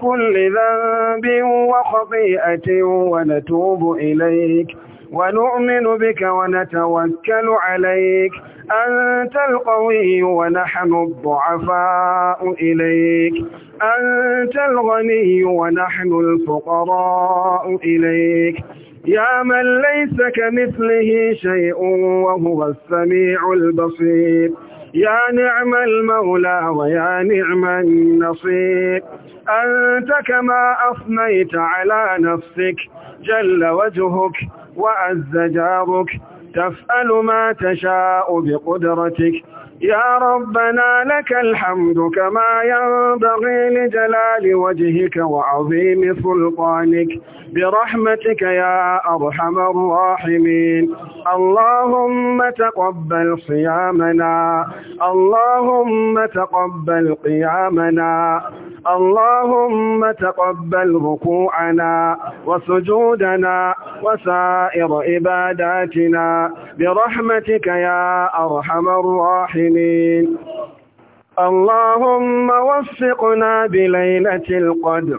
كل ذنب وخطيئة ونتوب إليك ونؤمن بك ونتوكل عليك أنت القوي ونحن الضعفاء إليك أنت الغني ونحن الفقراء إليك يا من ليس كمثله شيء وهو السميع البصير يا نعم المولى ويا نعم النصير أنت كما أثنيت على نفسك جل وجهك وعز جارك تفعل ما تشاء بقدرتك يا ربنا لك الحمد كما ينبغي لجلال وجهك وعظيم سلطانك برحمتك يا أرحم الراحمين اللهم تقبل صيامنا اللهم تقبل قيامنا اللهم تقبل ركوعنا وسجودنا وسائر عباداتنا برحمتك يا أرحم الراحمين اللهم وفقنا بليلة القدر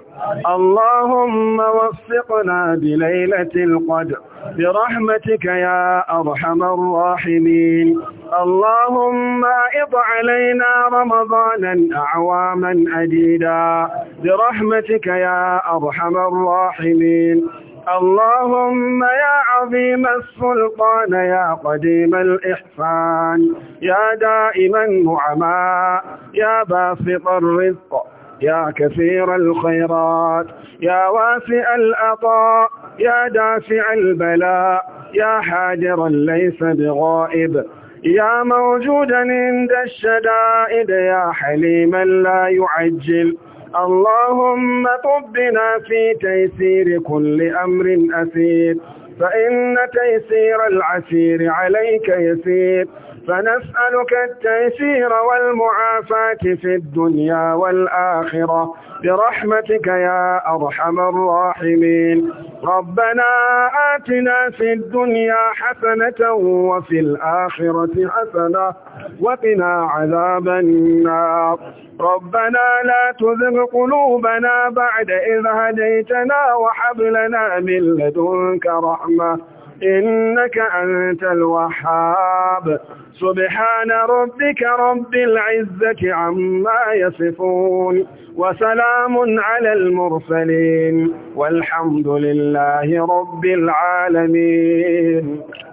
اللهم وفقنا بليلة القدر برحمتك يا أرحم الراحمين اللهم اطع علينا رمضانا أعواما أديدا برحمتك يا أرحم الراحمين اللهم يا عظيم السلطان يا قديم الإحسان يا دائما النعماء يا باسط الرزق يا كثير الخيرات يا واسع العطاء يا دافع البلاء يا حاضرا ليس بغائب يا موجودا عند الشدائد يا حليما لا يعجل اللهم طبنا في تيسير كل أمر أسير فإن تيسير العسير عليك يسير فنسألك التيسير والمعافاة في الدنيا والآخرة برحمتك يا أرحم الراحمين ربنا آتنا في الدنيا حسنة وفي الآخرة حسنة وقنا عذاب النار ربنا لا تزغ قلوبنا بعد إذ هديتنا وحب لنا من لدنك رحمة إنك أنت الوحاب سبحان ربك رب العزة عما يصفون وسلام على المرسلين والحمد لله رب العالمين